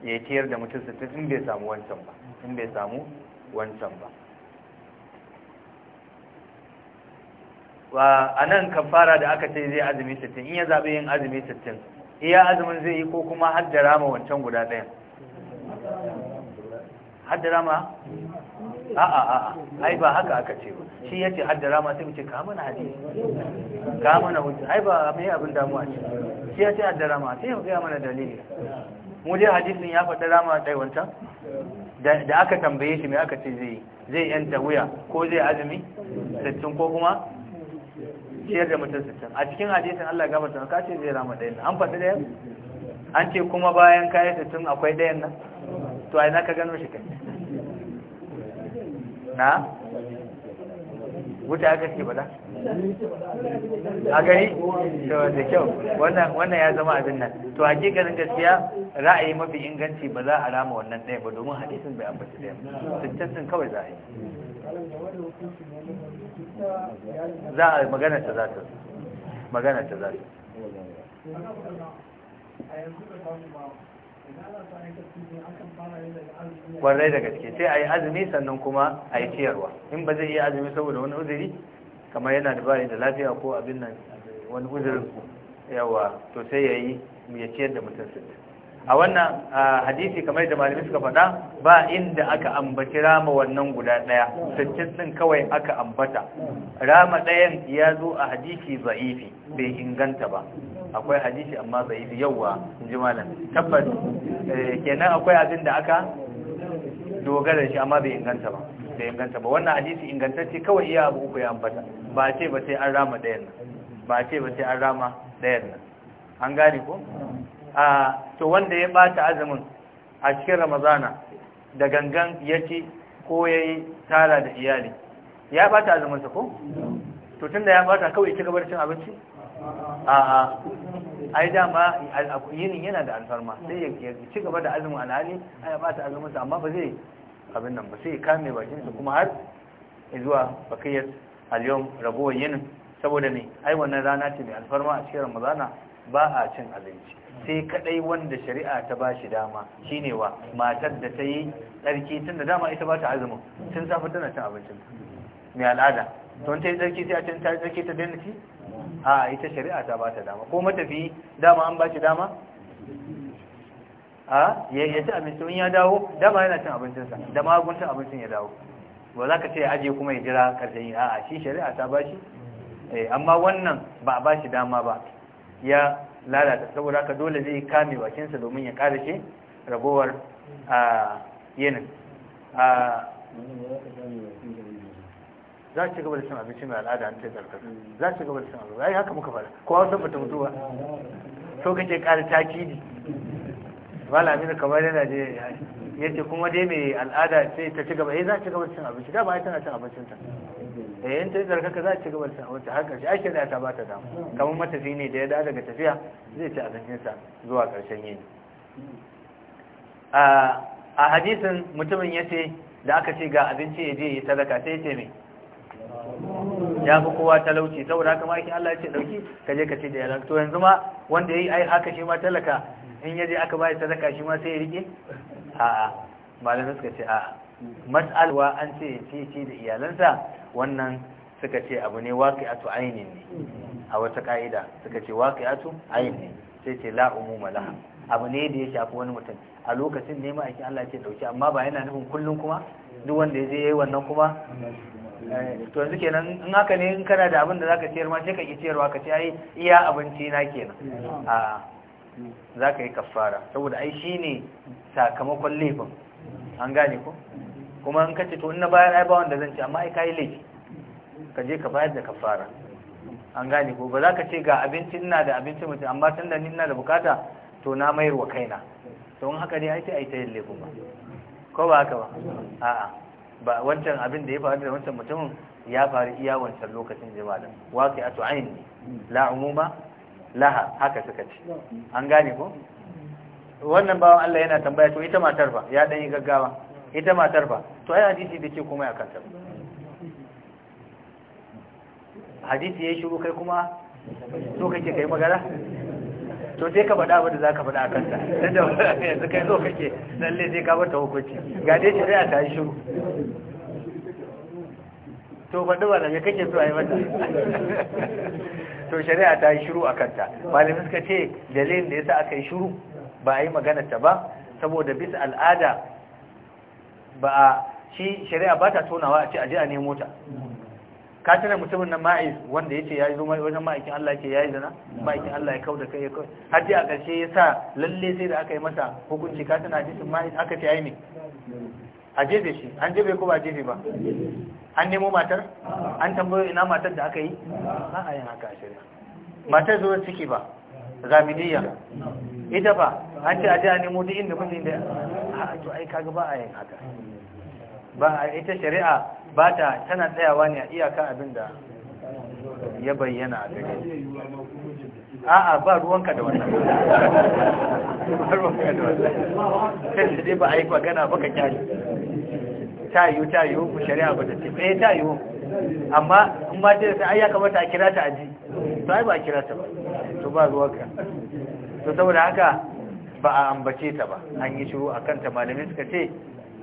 ya tiyar da mutum 60 in bai samu wancan ba in bai samu wancan ba wa anan kafara da aka ce zai azumi 60 in ya zabe yin azumi 60 iya azumin zai yi ko kuma haddara ma wancan guda ɗayan haddara ma a'a a'a ai ba haka aka ce ba shi ce haddara ma sai mu ce ka mana hadisi ka mana hujja ai ba mai abin damuwa ce shi ce haddara ma sai ya mana dalili mu dai hadisin ya faɗa rama dai wancan da aka tambaye shi me aka ce zai yi. zai yanta wuya ko zai azumi sittin ko kuma ciyar da mutum sittin a cikin hadisin Allah ya gafarta ka ce zai rama ɗayan an faɗi ɗayan an ce kuma bayan kayan sittin akwai ɗayan nan to a ina ka gano shi kai na wuta aka ce ba a gari to da kyau wannan ya zama abin nan to ganin gaskiya ra'ayi mafi inganci ba za a rama wannan ɗaya ba domin hadisin bai ambaci ɗaya sittin kawai za a yi za a magana ta za ta magana ta kwarai da gaske sai a yi azumi sannan kuma a yi ciyarwa in ba zai iya azumi saboda wani uzuri kamar yana da bayan da lafiya ko abin nan wani uzurin yawa to sai ya yi ya ciyar da mutum sittin a wannan hadisi kamar da malami suka faɗa ba inda aka ambaci rama wannan guda ɗaya sittin ɗin kawai aka ambata rama ɗayan ya zo a hadisi za'ifi bai inganta ba akwai hadisi amma za'ifi yawwa in ji malam tabbas eh, kenan akwai abin da aka dogara shi amma bai inganta ba bai inganta ba wannan hadisi ingantacce kawai iya abu uku ya ambata ba ce ba sai an rama ɗayan ba ce ba sai an rama ɗayan an gane ko a to wanda ya bata azumin a cikin ramazana da gangan ya ci ko ya yi tara da iyali ya bata azuminsa ko? to tun da ya bata kawai ci gabar cin abinci? a ai dama yinin yana da alfarma sai ya ci gaba da azumin alhali ya bata azuminsa amma ba zai abin nan ba sai ya kame bakinsa kuma har zuwa bakiyar aliyom ragowar yinin saboda me ai wannan rana ce mai alfarma a cikin ramazana ba a cin abinci sai kadai wanda shari'a ta ba shi dama shine wa matar da ta yi tsarki tun da dama ita ba ta azumi tun safi tana cin abincin mai al'ada don ta yi tsarki sai a cin ta tsarki ta daina ci a ita shari'a ta ba ta dama ko matafi dama an ba shi dama a ya ci abinci in ya dawo dama yana cin abincinsa da magunta abincin ya dawo ba za ka ce aje kuma ya jira karshen yi a'a shi shari'a ta ba shi eh, amma wannan ba a ba shi dama ba ya lalata saboda haka dole zai kame bakinsa domin ya shi ragowar a za su ci gaba da cin abinci mai al'ada an tezar kasa za su ci gaba da cin abinci ai haka muka fara kowa sun bata mutuwa so kake kare takidi wala amina kamar yana je ya kuma dai mai al'ada sai ta ci gaba eh za ci gaba da cin abinci da ba ai tana cin abincin ta eh yan ta zarkaka za a ci gaba da wata har karshe ake da ta ba ta damu kamar matafi ne da ya dawo daga tafiya zai ci abincinsa zuwa karshen yini a hadisin mutumin ya ce da aka ce ga abinci ya je ya sadaka sai ce mai ya fi kowa talauci saboda haka maki Allah ya ce dauki ka je ka ce da ya to yanzu ma wanda yi ai haka shi ma talaka in ya je aka bai sadaka shi ma sai ya rike a'a malamin suka ce a'a mas'alwa an ce ya ce ce da iyalansa wannan suka ce abu ne waqi'atu ainihin ne a wata ka'ida suka ce waqi'atu ainin ne sai ce la malaha laha abu ne da ya shafi wani mutum a lokacin ne ma aikin Allah ce dauki amma ba yana nufin kullun kuma duk wanda ya je yayi wannan kuma eh, to yanzu kenan in haka ne in kana da abin da zaka ciyar ma sai ka ki ciyarwa ka ce ai iya abinci na kenan a zaka yi kaffara saboda ai shine sakamakon laifin an gane ko kuma in kace to ina na bayar ai ba wanda zan ci amma ai kai laifi ka je ka bayar da kafara an gane ko ba za ka ce ga abinci ina da abinci mutum amma tun da ni ina da bukata to na mayar wa kaina to in haka ne ai sai ai ta yin laifin ba ko ba haka ba a'a ba wancan abin da ya faru da wancan mutumin ya faru iya wancan lokacin jama'a waqi atu ne la umuma laha haka suka ce an gane ko wannan bawan Allah yana tambaya to ita matar ba. ya dan yi gaggawa ita matar ba to ai hadisi bai ce komai akan ta hadisi ya shiru kai kuma so kake kai magana to sai ka faɗa abin da za ka faɗa a kanta don da yanzu kai so kake lalle sai ka bata hukunci ga dai shari'a ta yi shiru to faɗi ba da me kake so a yi mata to shari'a ta yi shiru a kanta malamin suka ce dalilin da yasa aka yi shiru ba a yi magana ta ba saboda bisa al'ada ba a shi shari'a ba ta tonawa a ce aje a nemo ta ka tare mutumin nan ma'iz wanda yace yayi zo wajen ma'aikin Allah yake yayi zana ma'aikin Allah ya kauda kai har dai a ƙarshe ya sa lalle sai da aka yi masa hukunci ka tana hadisin ma'iz aka ce yayi ne a jefe shi an jefe ko ba jefe ba an nemo matar an tambayo ina matar da aka yi ba a yin haka a shirya matar zuwa ciki ba zaminiya ita ba an ce a ji a nemo duk inda kuɗi inda a to ai kaga ba a yin haka ba a ita shari'a ba ta tana tsayawa ne a iyaka abin da ya bayyana a gare a'a ba ruwanka da wannan ba ruwanka da wannan sai da dai ba a yi magana ba ka Ta yiwu, ta yiwu ku shari'a ba ta ce eh yiwu. amma in ma ce sai ai ya kamata a kira ta aji to ai ba a kira ta ba to ba ruwanka to saboda haka ba a ambace ta ba an yi shiru akan ta malamin suka ce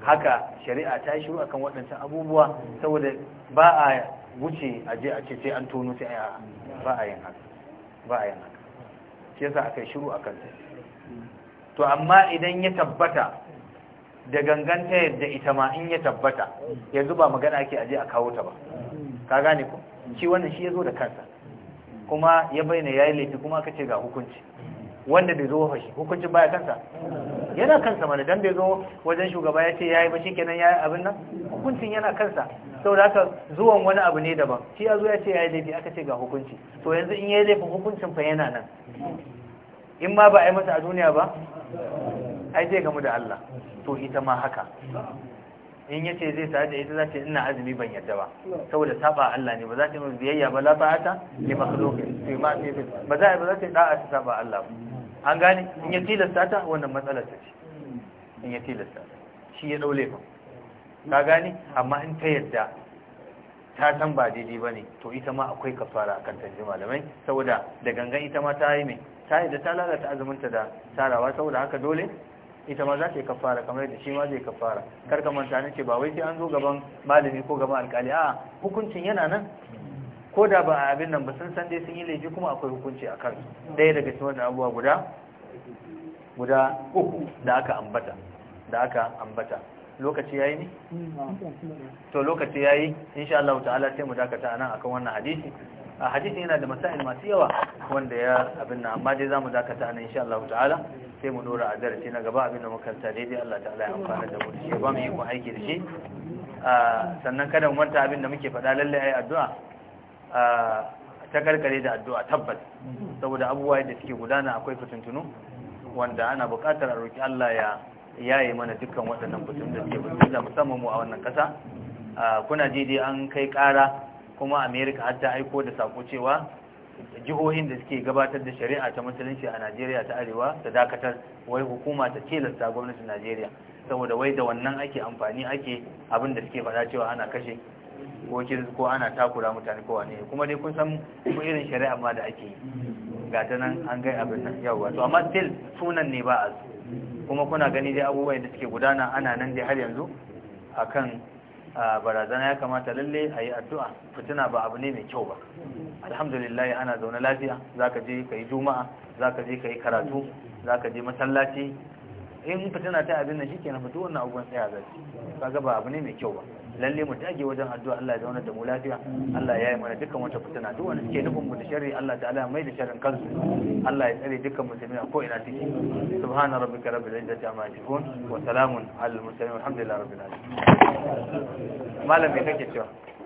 haka shari'a ta yi shiru akan waɗancan abubuwa saboda ba a wuce a je a ce sai an tono sai a ba a yin haka ba a yin haka shi yasa aka yi shiru akan ta to amma idan ya tabbata da ganganta yadda ita ma in ya tabbata yanzu ba magana ake aje a kawo ta ba ka gane ku shi wannan shi ya zo da kansa kuma ya bayyana yayi laifi kuma aka ce ga hukunci wanda bai zo fashi hukuncin baya kansa yana kansa mana dan bai zo wajen shugaba ya ce ya yi bashi kenan ya yi abin nan hukuncin yana kansa da haka zuwan wani abu ne daban shi ya zo ya ce ya yi laifi aka ce ga hukunci to yanzu in ya yi laifin hukuncin fa yana nan in ma ba a yi masa a duniya ba ai zai gamu da Allah to ita ma haka in yace zai tare da ita za ta ina azumi ban yadda ba saboda saba Allah ne ba za ta yi biyayya ba la ta'ata li makhluqin ba za ta yi da'a ta saba Allah ba an gane in ya tilasta ta wannan matsalar ta ce in ya tilasta shi ya daule ba ka gane amma in ta yadda ta san ba daidai ba ne to ita ma akwai kafara a kan tanji malamai saboda da gangan ita ma ta yi mai ta yi da ta lalata azuminta da tarawa saboda haka dole ita ma za ta yi kafara kamar da shi ma zai kafara kar ka manta ne ce ba wai sai an zo gaban malami ko gaban alkali a hukuncin yana nan ko da ba a abin nan ba sun san dai sun yi laifi kuma akwai hukunci a kan ɗaya daga cikin wannan abubuwa guda guda uku da aka ambata da aka ambata lokaci yayi ne to lokaci yayi insha Allah ta'ala sai mu dakata anan akan wannan hadisi a hadisin yana da masail masu yawa wanda ya abin nan amma dai zamu dakata anan insha Allah ta'ala sai mu dora a darasi na gaba abin da muka ta daidai Allah ta'ala ya amfana da mu shi ba mu yi aiki da shi sannan kada mu manta abin da muke faɗa lalle ai addu'a ta karkare da addu'a tabbas saboda abubuwa da suke gudana akwai fitintunu wanda ana bukatar a roƙi Allah ya yaye mana dukkan waɗannan fitintun da suke da musamman mu a wannan ƙasa kuna jide an kai ƙara kuma amerika har ta aiko da saƙo cewa jihohin da suke gabatar da shari'a ta musulunci a Najeriya ta Arewa ta dakatar wai hukuma ta tilasta gwamnatin Najeriya saboda wai da wannan ake amfani ake abin da suke faɗa cewa ana kashe ko kiris ko ana takura mutane ko wane kuma dai kun san ko irin shari'a ma da ake yi ga ta nan an gai abin nan yawa to amma still sunan ne ba a su kuma kuna gani dai abubuwa da suke gudana ana nan dai har yanzu akan barazana ya kamata lalle a yi addu'a fitina ba abu ne mai kyau ba alhamdulillah ana zaune lafiya za ka je ka yi juma'a za ka je ka yi karatu za ka je masallaci in fitina ta abin nan shi ke na fito wannan abubuwan tsaya zai kaga ba abu ne mai kyau ba lalle mu dage wajen addu'a Allah ya zauna da mu lafiya Allah ya yi mana dukkan wata fitina duk wanda suke nufin mu da sharri Allah ta'ala mai da sharrin kansu Allah ya tsare dukkan musulmi a ko ina take subhana rabbika rabbil izzati amma yasifun wa salamun alal mursalin walhamdulillahi rabbil alamin malam me kake cewa